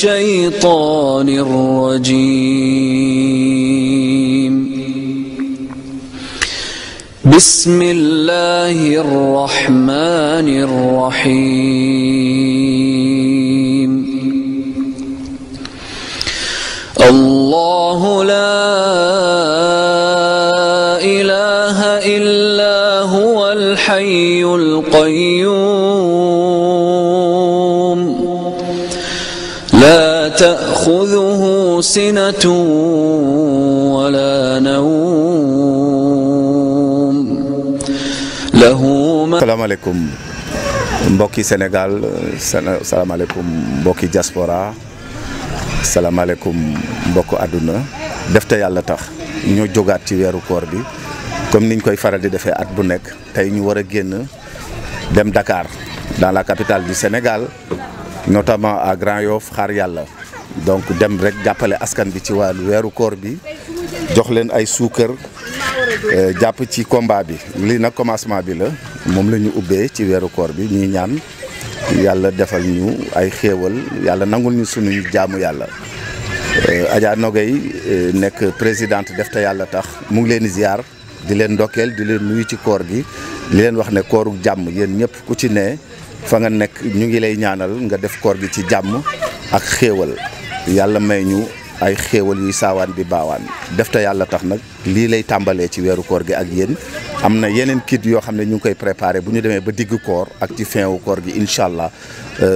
الشيطان الرجيم بسم الله الرحمن الرحيم الله لا اله الا هو الحي القيوم تأخذه سنة ولا نوم له ما السلام عليكم mbokki sénégal salaamaaleykum mbokki diaspora salaamaaleykum mbokk àdduna def te yàlla tax ñoo jógaat ci weeru koor bi comme niñ koy faral di defee at bu nekk tey ñu génn dem Dakar dans la capitale du Sénégal notamment à Grand Yoff donc dem rek jàppale askan bi ci wàllu weeru koor bi jox leen ay suukar eh, jàpp ci combat bi lii nag commencement bi la moom la ñu ubbee ci weeru koor bi ñuy ñaan yàlla defal ñu ay xéewal yàlla nangul ñu suñu yàlla eh, Adja Nogay eh, nekk présidente def te yàlla tax mu ngi leen ziar di leen ndokkeel di leen nuyu ci koor gi di leen wax ne kooru jàmm yéen ñëpp ku ci ne fa nga nekk ñu ngi lay ñaanal nga def koor bi ci jàmm ak xéewal yàlla may ñu ay xéewal yu sawaan bi baawaan def ta yàlla tax nak li lay tambalé ci wéru koor gi ak yéen amna yenen kit yo xamné ñu koy préparer bu ñu demee ba digg koor ak ci fin wu koor gi inshallah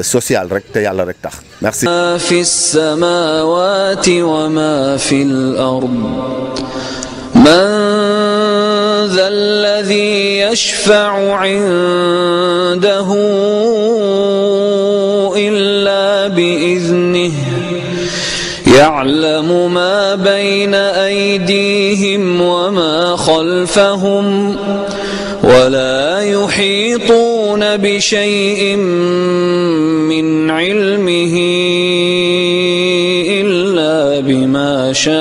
social rek te yàlla rek tax merci fi samawati wa ma fi l-ard من ذا الذي يشفع عنده إلا بإذنه يعلم ما بين أيديهم وما خلفهم ولا يحيطون بشيء من علمه إلا بما شاء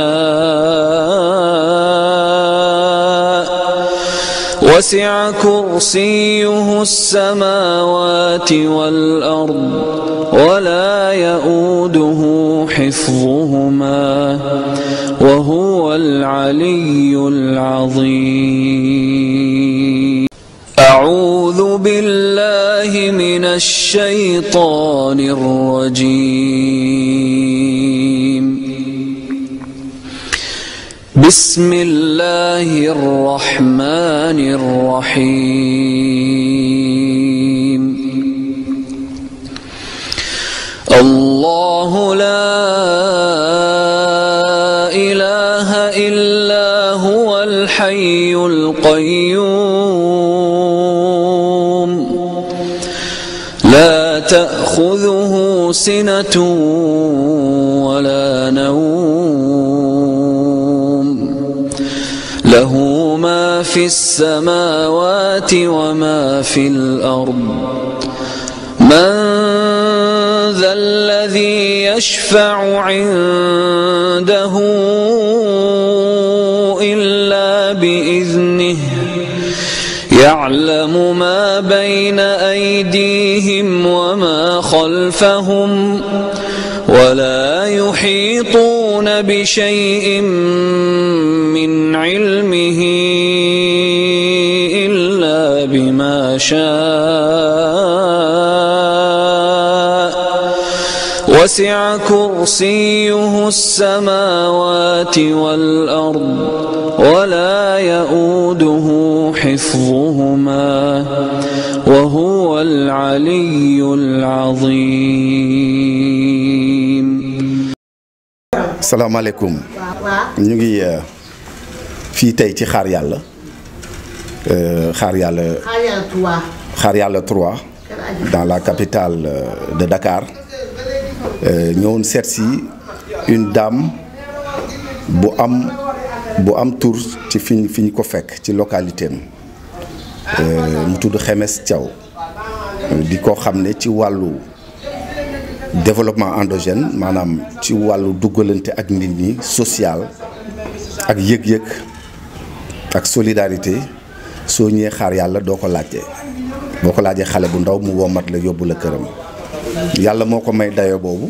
وسع كرسيه السماوات والأرض ولا يؤوده حفظهما وهو العلي العظيم أعوذ بالله من الشيطان الرجيم بسم الله الرحمن الرحيم الله لا إله إلا هو الحي القيوم لا تأخذه سنة ولا نوم له ما في السماوات وما في الأرض من يشفع عنده إلا بإذنه يعلم ما بين أيديهم وما خلفهم ولا يحيطون بشيء من علمه إلا بما شاء وسع كرسيه السماوات والأرض ولا يؤوده حفظهما وهو العلي العظيم السلام عليكم نجي آه، في تيتي آه، خار يالا خار يالا خار يالا 3 dans la capitale آه، de Dakar Euh, ñëwoon seet si une dame bu am bu am tour ci fi fi ñu ko fekk ci localité am euh, mu tudd Xemes Thiaw di ko xam ne ci wàllu développement endogène maanaam ci wàllu duggalante ak nit ñi social ak yëg-yëg ak solidarité soo ñëwee xaar yàlla doo ko laajte boo ko laajee xale bu ndaw mu womat la yóbbu la këram. yàlla moo ko may dayo boobu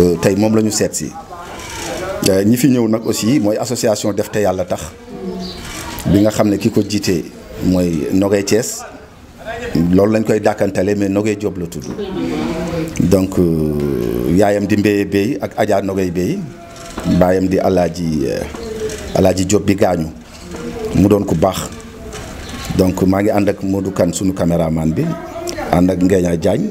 euh, tey moom lañu seet si euh, ñi fi ñëw nag aussi mooy association def te yàlla tax bi nga xam ne ki ko jiitee mooy Nogay Thiès loolu lañ koy dàkkantale mais Nogay Diop la tudd donc euh, yaayam di Mbéye Bey ak Adja Nogay Bey baayam di Alaaji Alaaji Diop bi gaañu mu doon ku baax donc maa ngi ànd ak Modou Kane sunu caméraman bi ànd ak Ngeeña jaañ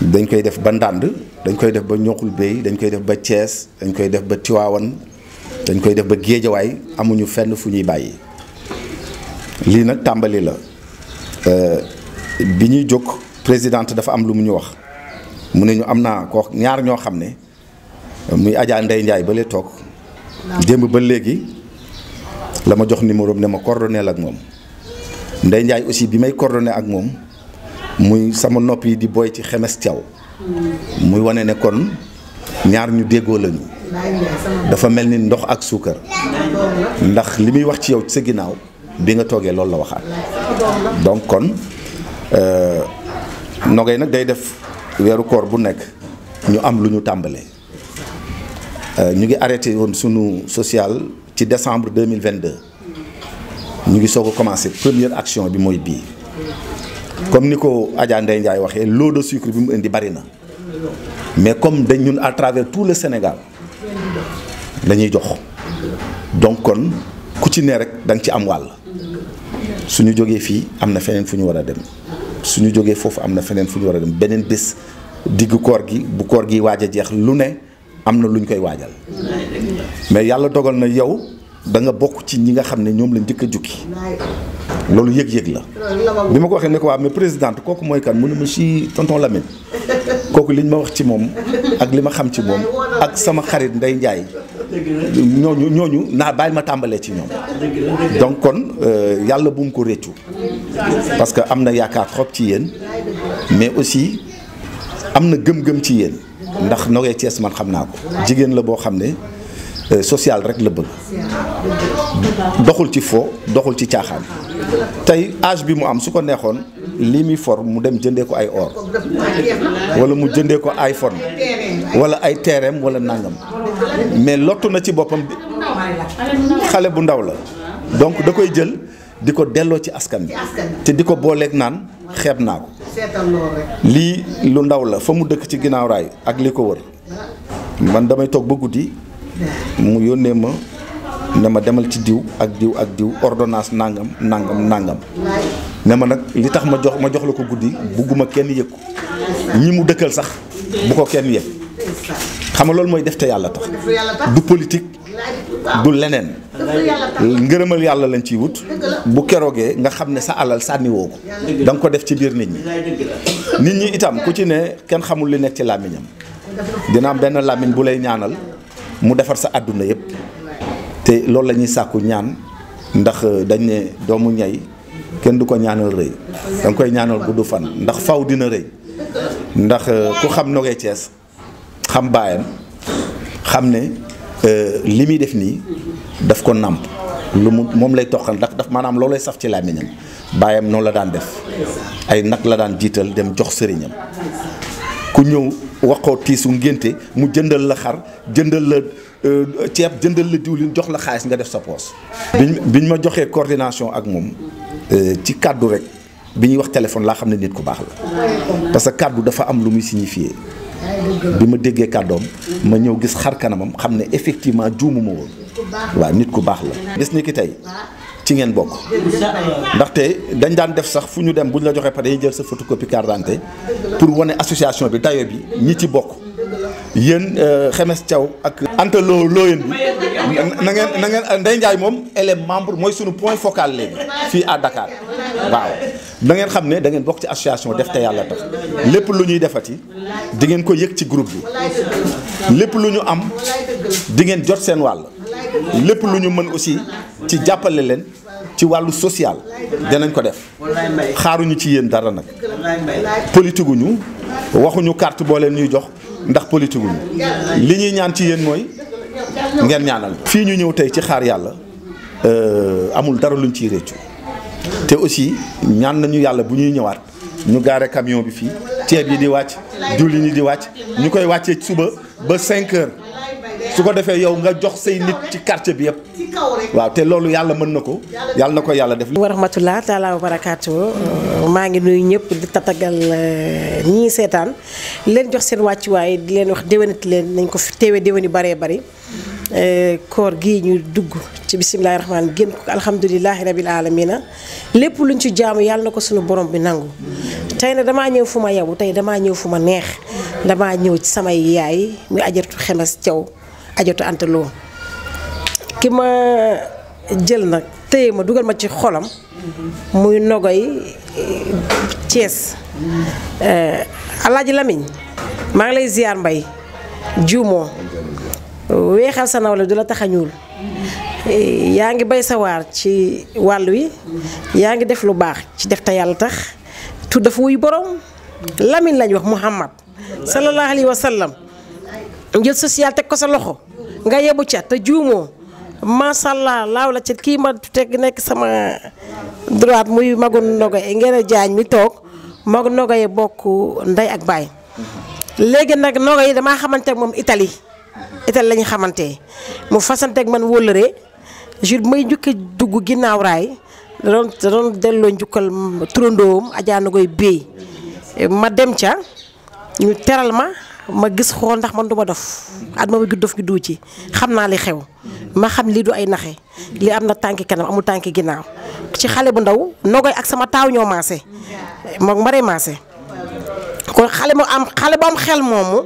dañ koy def ba Ndànd dañ koy def ba Ñoxul Bey dañ koy def ba Thiès dañ koy def ba Tiwaawan dañ koy def ba Géejawaay amuñu fenn fu ñuy bàyyi lii nag tàmbali la euh, bi ñuy jóg présidente dafa am lu mu ñu wax mu ne ñu am naa ko ñaar ñoo xam ne muy Adja Ndey ba lee toog démb ba léegi la ma jox numéro ne ma coordonné ak moom Ndey aussi bi may coordonné ak moom muy sama nopp yi di booy ci xemes thiaw muy wane ne kon ñaar ñu déggoo lañu dafa mel ni ndox ak suukar ndax li muy wax ci yow sa ginnaaw bi nga toogee loolu la waxaat donc kon euh, nogay nag day def weeru koor bu nekk ñu am lu ñu tàmbalee euh, ñu ngi arrêté woon sunu social ci décembre deux ñu ngi soog a commencé première action bi mooy bii comme ni ko Adja Ndeye Ndiaye waxee loo de sucre bi mu indi bari na mais comme dañ ñun à travers tout le Sénégal dañuy jox donc kon ku ci ne rek da nga ci am wàll suñu jógee fii am na feneen fu ñu war a dem suñu jógee foofu am na feneen fu ñu war a dem beneen bés diggu koor gi bu koor gi waaj a jeex lu ne am na lu ñu koy waajal mais yàlla dogal na yow danga bokk ci ñi nga xam ne ñoom lañ njëkk a jukki loolu yeg yeg la bima ko ne ko mais présidente koku moy kan tonton Lamine koku liñ ma wax ci mom ak ma xam ci tonton. ak sama xarit nday tonton. ma tambalé ci donc kon euh, yalla bu ko tonton. parce que amna tonton. trop ci mais aussi amna gëm-gëm ci tonton. ndax ci es man xam ko la Euh, sociale rek la bëgg doxul ci foo doxul ci caaxaan tey age bi mu am su ko neexoon lii muy for mu dem jëndee ko ay or wala mu jëndee ko ay iPhone wala ay teereem wala nangam mais lottu na ci boppam xale bu ndaw la donc da koy jël di ko delloo ci askan bi te di ko booleek naan xeeb naa ko lii lu ndaw la fa mu dëkk ci ginnaaw raay ak li ko wër man damay toog ba guddi mu yónnee ma ne ma demal ci diw ak diw ak diw ordonnance nangam nangam nangam ne ma nag li tax ma jox ma jox la ko guddi bugguma kenn yëg ko ñi mu dëkkal sax bu ko kenn yëg xam nga loolu mooy def te yàlla tax du politique du leneen ngërëmal yàlla lañ ciy wut bu keroogee nga xam ne sa alal sànniwoo ko da ko def ci biir nit ñi nit ñi itam ku ci ne kenn xamul li nekk ci làmmiñam dinaa benn làmmiñ bu lay ñaanal mu defar sa àdduna yëpp te loolu lañuy sàkku ñaan ndax euh, dañ ne doomu ñay kenn du ko ñaanal rëy danga koy ñaanal gudd fan ndax faw dina rëy ndax euh, ku xam Nogaye cees xam baayam xam ne euh, li muy def nii daf ko nàmp lu mu moom lay toqal ndax daf maanaam loolay saf ci làmmiñam baayam noonu la daan def ay nag la daan jiital dem jox sëriñam ku ñëw waxoo tiisu ngénte mu jëndal la xar jëndal la euh, ceeb jëndal la diwlin jox la xaalis nga def sa poos bi ñu ma joxee coordination ak moom euh, ci kàddu rek bi ñuy wax téléphone laa xam ne nit ku baax la parce que kàddu dafa am lu muy signifié bi ma déggee kàddoom ma ñëw gis xar kanamam xam ne effectivement juumu ma woon waaw nit ku baax la gis ni ki tey ci ngeen bokk ndaxte dañ daan def sax fu ñu dem bu ñu la joxee pare yi jël sa photocopie carte d'identité pour wane association bi dayo bi ñi ci bokk yéen euh, Xemes Thiaw ak Anta Lo Looyeen bi na ngeen na ngeen Ndeye Ndiaye moom elle est membre mooy suñu point focal léegi fii à Dakar waaw na ngeen xam ne da ngeen bokk ci association def te yàlla tax lépp lu ñuy defati di ngeen ko yëg ci groupe bi lépp lu ñu am di ngeen jot seen wàll lépp lu ñu mën aussi ci jàppale leen ci wàllu social danañ ko def xaaruñu ci yéen dara nag politique ñu waxuñu kart boo leen ñuy jox ndax politique ñu li ñuy ñaan ci yéen mooy ngeen ñaanal fii ñu ñëw tey ci xaar yàlla euh, amul dara luñ ciy réccu te aussi ñaan nañu yàlla bu ñuy ñëwaat ñu gaare camion bi fii ceeb yi di wàcc diwlin yi di wàcc ñu koy wàccee suba ba 5 heures su ko defee yow nga jox say nit ci quartier bi yëpp waaw te loolu yàlla mën na ko yàlla na ko yàlla def wa rahmatullah taala wa barakaatu maa ngi nuyu ñëpp di tatagal euh, ñii seetaan leen jox seen wàccuwaay di leen wax déwénit leen nañ ko fi teewee déwéni baree bari euh, koor gi ñu dugg ci bisimilahi rahmaan génn ko alhamdulilahi rabil alamina lépp luñ ci jaamu yàlla na ko suñu borom bi nangu tey na damaa ñëw fu ma yabu tey damaa ñëw fu ma neex damaa ñëw ci samay yaay muy ajartu xemes caw ajatu anta ki ma jël nag téye ma dugal ma ci xolam muy nogoy Thiès eh, alaaji Lamiñ maa ngi lay ziar mbay jumo weexal sa nawle du la tax a ñuul eh, yaa ngi bay sa ci wàll wi yaa ngi def lu baax ci def te yàlla tax tu dafa wuy borom Lamine lañ wax Muhammad sallallahu jël social teg ko sa loxo nga yebu ca te juumoo macha allah laaw la ca kii ma teg nekk sama droite muy magu Ndogoye ngeen jaañ mi toog magu Ndogoye bokk ndey ak baay léegi nag Ndogoye dama xamante moom itali Italie la ñu xamante mu fasanteeg man wóllëre jur may njukki dugg ginnaaw raay da doon delloo njukkal turandoom Adja Ndogoye béy ma dem ca ñu teral ma. ma gis xool ndax man du ma dof at ma ma dof gi du ci xam naa li xew ma xam lii du ay naxe li am na tànki kanam amul tànki ginnaaw ci xale bu ndaw nogoy ak sama taaw ñoo maase ma maree maase kon xale mu am xale bu am xel moomu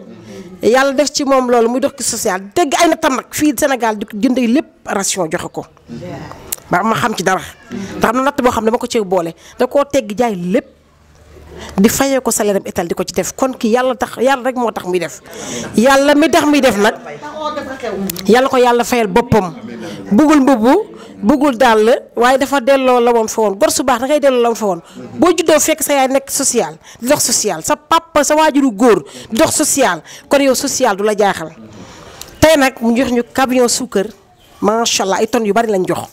yàlla def ci moom loolu muy dox ci social dégg ay nattam nag fii Sénégal di jënd lépp ration joxe ko ba ma xam ci dara ndax am na natt boo xam ne dama ko ci boole da koo tegg jaay lépp di fayee ko salaire am étal di ko ci def kon ki yàlla tax yàlla rek moo tax muy def yàlla mi tax muy def nag yàlla ko yàlla fayal boppam bëggul mbubu bëggul dàll waaye dafa delloo la woon fa woon gor su baax dangay ngay delloo la woon fa woon boo juddoo fekk sa yaay nekk social di dox social sa papa sa waajuru góor di dox social kon yow social du la jaaxal tey nag mu jox ñu camion suukar macha allah ay tonnes yu bari lañ jox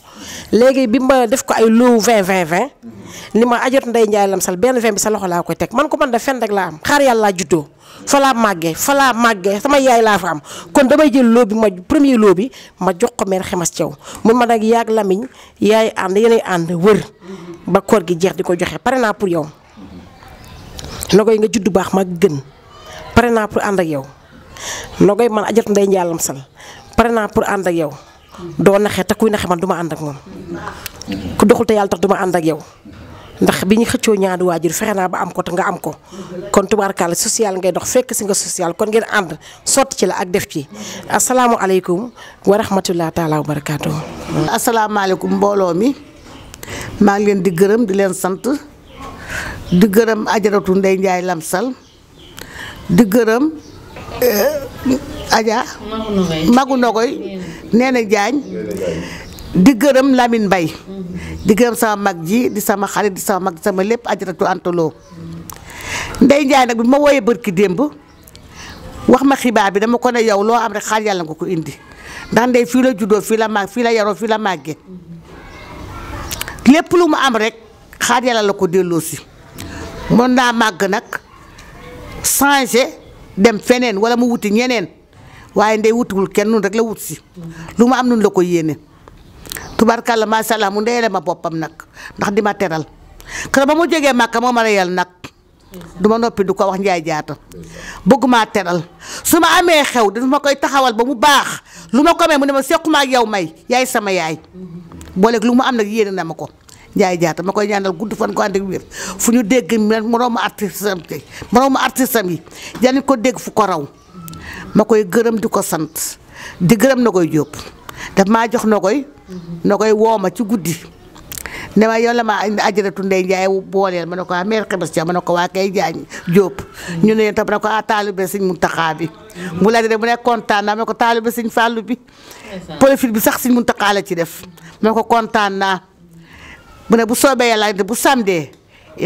léegi bi ma def ko ay loowu 20 20 ni ma ajot nday nday lam sal ben fen bi sa loxo laa koy man ko man da fen rek la am xar yalla laa fa la magge fa la magge sama yaay la fa am kon damay jël lobi ma premier lobi ma jox ko mer xemas ciow mun ma nag yaag lamiñ yaay and yeneen and weur ba koor gi jeex di joxe parena pour yow nogoy nga judd bax ma gën parena pour and ak yow nogoy man ajot nday nday lam sal parena pour and ak yow do naxé takuy naxé man duma and ak mom ku doxul ta yalla tax duma and ak yow ndax bi ñu xëccoo ñaari waajur fexe naa ba am ko te nga am ko kon tubaarkàlla social ngay dox fekk si nga social kon ngeen ànd sotti ci la ak def ci asalaamualeykum wa rahmatulah taalaa wa barakaatu. asalaamaaleykum mbooloo mi maa ngi leen di gërëm di leen sant di gërëm ajaratu Ndeye Ndiaye Lamsal di gërëm eh, Adja. Magu Nogoy Neena Jaañ di gërëm Lamine mbay di gërëm sama mag ji di sama xarit di sama mag sama lépp ajaratu antaloo Ndey Njaay nag bi ma wooyee bërki démb wax ma xibaar bi dama ko ne yow loo am rek xaal yàlla nga ko indi ndax fii la juddoo fii la màgg fii la yaroo fii la màggee lépp lu mu am rek xaar yàlla la ko delloo si mën naa màgg nag changé dem feneen wala mu wuti ñeneen waaye ndey wutiwul kenn nun rek la wut si lu mu am nun la ko yéene tubaarkàlla macha allah mu ndeyale ma boppam nag ndax di ma teral kër ba mu jógee màkka moo ma reyal nag du ma noppi du ko wax njaay jaata bëgg maa teral su ma amee xew daf ma koy taxawal ba mu baax lu ma ko may mu ne ma sequma ak yow may yaay sama yaay boo booleeg lu mu am nag yéene na ma ko njaay jaata ma koy ñaanal gudd fan ko ànd ak fu ñu dégg moroomu artiste am tey moroomu artiste am yi jani ko dégg fu ko raw ma koy gërëm di ko sant di gërëm na koy jóob daf maa jox na nogoy nogoy woo ma ci guddi ne ma yow la ma ajaratu ndey njaay booleel ma ne ko ah mère xebes ja ma ne ko waa kay jaañ jóob ñu ne tam ne ko ah taalibe sëñ Muntaxa bi mu la de ne kontaan naa ma ne ko taalibe sëñ Fàllu bi profil bi sax sëñ mun la ci def ma ne ko kontaan naa mu ne bu soobee yàlla bu samdee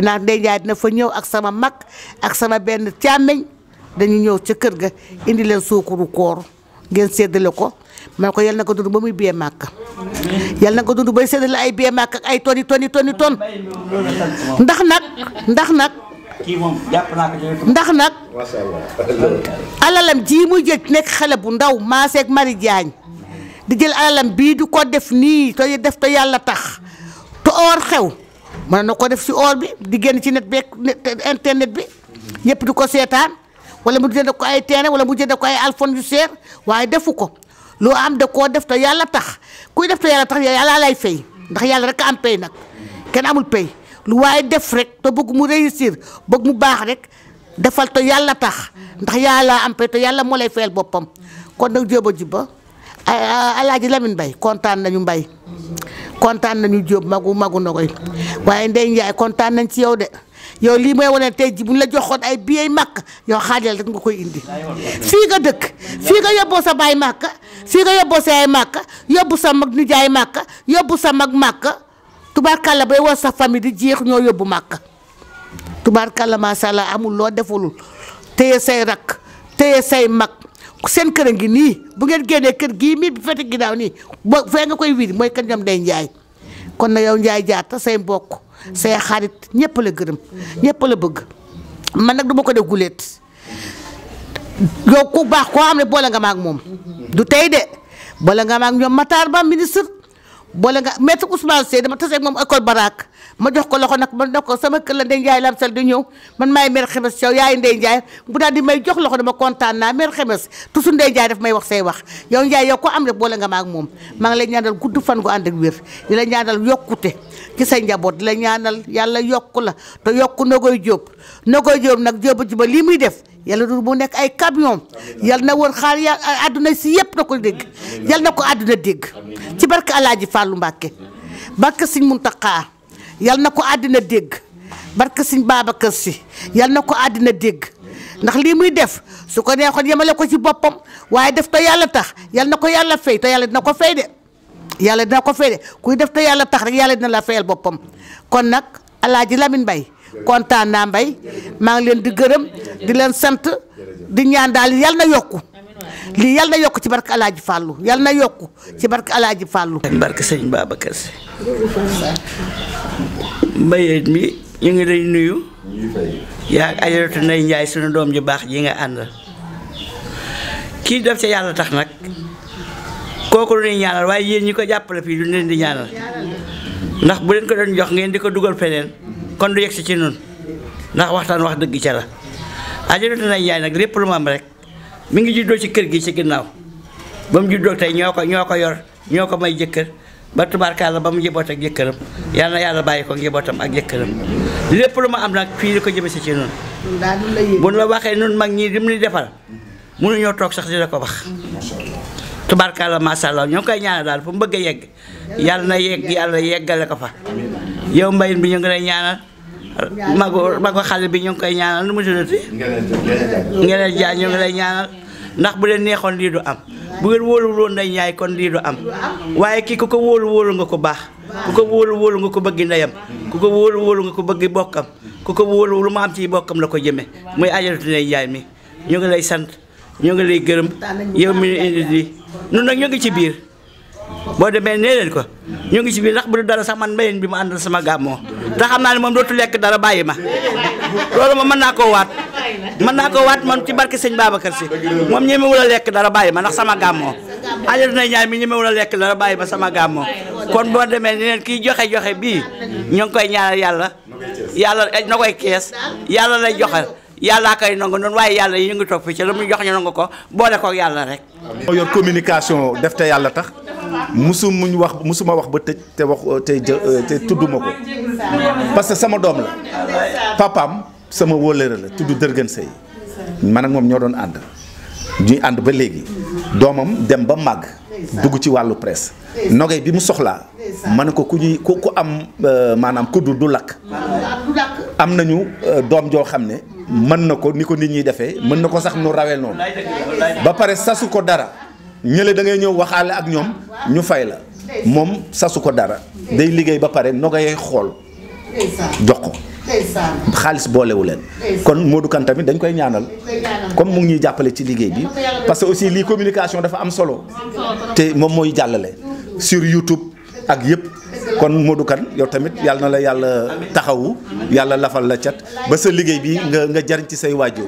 naa ndey njaay dina fa ñëw ak sama mag ak sama benn càmmeñ dañu ñëw ca kër ga indi leen suukaru koor ngeen séddale ko maa ko yal na ko dund ba muy biyee màkk yal na ko dund bay séddale ay biyee màkk ak ay toni toni toni ton ndax nag ndax nag ndax nag alalam jii muy jël nekk xale bu ndaw maaseeg Mari Jaañ di jël alalam bii du ko def nii to def te yàlla tax te or xew mën na ko def si or bi di génn ci net beeg internet bi ñëpp di ko seetaan wala mu jënd ko ay tere wala mu jënd ko ay alphone yu seer waaye defu ko lu am da koo def te yàlla tax kuy def te yàlla tax yàlla lay fay ndax yàlla rek am pay nag kenn amul pay lu waaye def rek te bëgg mu réussir bëgg mu baax rek defal te yàlla tax ndax yàlla am pay te yàlla moo lay fayal boppam kon nag Jóoba Jibba Alaaji Lamin Mbay kontaan nañu Mbay kontaan nañu Jóob magu magu na koy waaye Ndey Njaay kontaan nañ ci yow de yow lii mooy wane tey ji mu ñu la joxoon ay billets màkk yow xaajal rek nga koy indi fii nga dëkk fii nga yóbboo si nga yóbboo sa yaay màkka yóbbu sa mag nijaay màkka yóbbu sa mag màkk màkka tubaarkàlla bay war sa famille di jeex ñoo yóbbu màkka tubaarkàlla macha allah amul loo defulul téye say rakk téye say mag seen kër a ngi nii bu ngeen génnee kër gi mii bu fete ginnaaw nii boo fee nga koy wiiri mooy kër ñoom day njaay kon na yow njaay jaata say mbokk say xarit ñëpp la gërëm ñëpp la bëgg man nag du ma ko def guleet yow ku baax koo xam ne boole nga ma moom du tey de boole nga ma ak ñoom Matar Ba ministre boole nga maître Ousmane Seye dama tase ak moom école Barak ma jox ko loxo nag ma ne ko sama kër la Ndeye Ndiaye Lam di ñëw man maay mère Xemes Thiaw yaay ndey Ndiaye bu daal di may jox loxo dama kontaan naa mère Xemes toujours Ndeye Ndiaye daf may wax say wax yow Ndiaye yow ko am rek boole ngamaak moom maa ngi lay ñaanal gudd fan gu ànd ak wér di la ñaanal yokkute ci sa njaboot di la ñaanal yàlla yokku la te yokku Nogoy Diop Nogoy Diop nag Diop ji ba lii muy def. yàlla du mu nekk ay camion yal na wër xaar ya àdduna si yëpp na ko dégg yal na ko àdduna dégg ci barke Alaaji Fàllu Mbàkke barke Sëñ Muntaxa yal na ko àddina dégg barke Sëñ Babacar Si yal na ko àddina dégg ndax lii muy def su ko neexoon yemale ko ci boppam waaye def yàlla tax yal na ko yàlla fay te yàlla dina ko fay de yàlla dina ko fay de kuy def te yàlla tax rek yàlla dina laa fayal boppam kon nag Alaaji Lamin Mbay Kontan na mbay ma ngi len di geureum di len sante di ñaan dal yal na yokku liyal yal na yokku ci barke Alaaji fallu yal na yokku ci barke Alaaji fallu barke serigne babakar se mbayeet mi ñu ngi lay nuyu yaa ajaratu nay ñay suñu dom ju bax ji nga àndal ki def ci yalla tax nak koku lu ñaanal waaye yeen ñi ko fi len di ñaanal ndax bu len ko don jox ngeen di ko dugal feneen kon du yegsi ci nun ndax waxtaan wax dëgg ca la ajaratu nay yaay nag lépp lu ma am rek mu ngi juddoo ci kër gi ci ginnaaw ba mu juddoo tey ñoo ko ñoo ko yor ñoo ko may jëkkër ba tubaarkaala ba mu njaboot ak jëkkëram yal na yàlla bàyyi ko njabootam ak jëkkëram lépp lu ma am nag fii lu ko jëme si ci nun bu la waxee nun mag ñii lim ni defal mënuñoo toog sax di ko wax tubaarkaala la allah ñoo ngi koy ñaanal daal fu mu bëgg a yegg yàlla na yàlla yeggale ko fa yow mbayit bi ñu ngi lay ñaanal mago mago xale bi ñu ngi koy ñaanal nu mu tuddati ngeneen jaay ñu ngi lay ñaanal ndax bu leen neexoon lii du am bu ngeen wóolu woon nday ñaay kon lii du am waaye kii ku ko wóolu nga ko baax ku ko wóolu nga ko bëgg ndeyam ku ko wóolu nga ko bëgg bokkam ku ko wóolu lu ma am ci bokkam la ko jëme muy ajaratu nday jaay mi ñu ngi lay sant ñu ngi lay gërëm yow mi indi di nun nag ñu ngi ci biir boo demee nee leen ko ñu ngi si biir ndax bu dul dara sax man mbayeen bi ma àndal sama gàmmoo te xam naa ne moom dootu lekk dara bàyyi ma loolu moom mën naa koo waat mën naa koo waat man ci barke sëñ kër si moom ñemewul a lekk dara bàyyi ma ndax sama gàmmoo alir na ñaay mi ñemewul a lekk dara bàyyi ma sama gàmmoo kon boo demee ne leen kii joxe-joxe bii ñu ngi koy ñaar yàlla yàlla na koy kees yàlla lay joxal yàllaa koy nangu noon waaye yàlla yi ñu ngi topp ci la mu jox ñu nangu ko boole yàlla rek moo def te yàlla tax musu muñ wax musuma wax ba tëj te wax te te tudduma ko parce que sama doom la papaam sama wóllëre la tudd dërgën sëy man ak moom ñoo doon ànd ñuy ànd ba léegi doomam dem ba màgg dugg ci wàllu presse nogay bi mu soxlaa ma ne ko ku ñuy ku ku am euh, maanaam ku du du lakk am nañu euh, doom joo xam ne mën na ko ni ko nit ñuy defee mën na ko sax nu rawee noonu ba pare sasu ko dara ñële da ngay ñëw waxaale ak ñoom ñu fay la moom sasu ko dara day liggéey ba pare nogayay xool jox ko xaalis boolewu leen kon Modou Kane tamit dañ koy ñaanal comme mu ngi ñuy jàppale ci liggéey bi parce que aussi lii communication dafa am solo te moom mooy jàllale sur YouTube ak yëpp kon Modou Kane yow tamit yàlla na la yàlla taxawu yàlla lafal la cat ba sa liggéey bi nga nga jariñ ci say waajur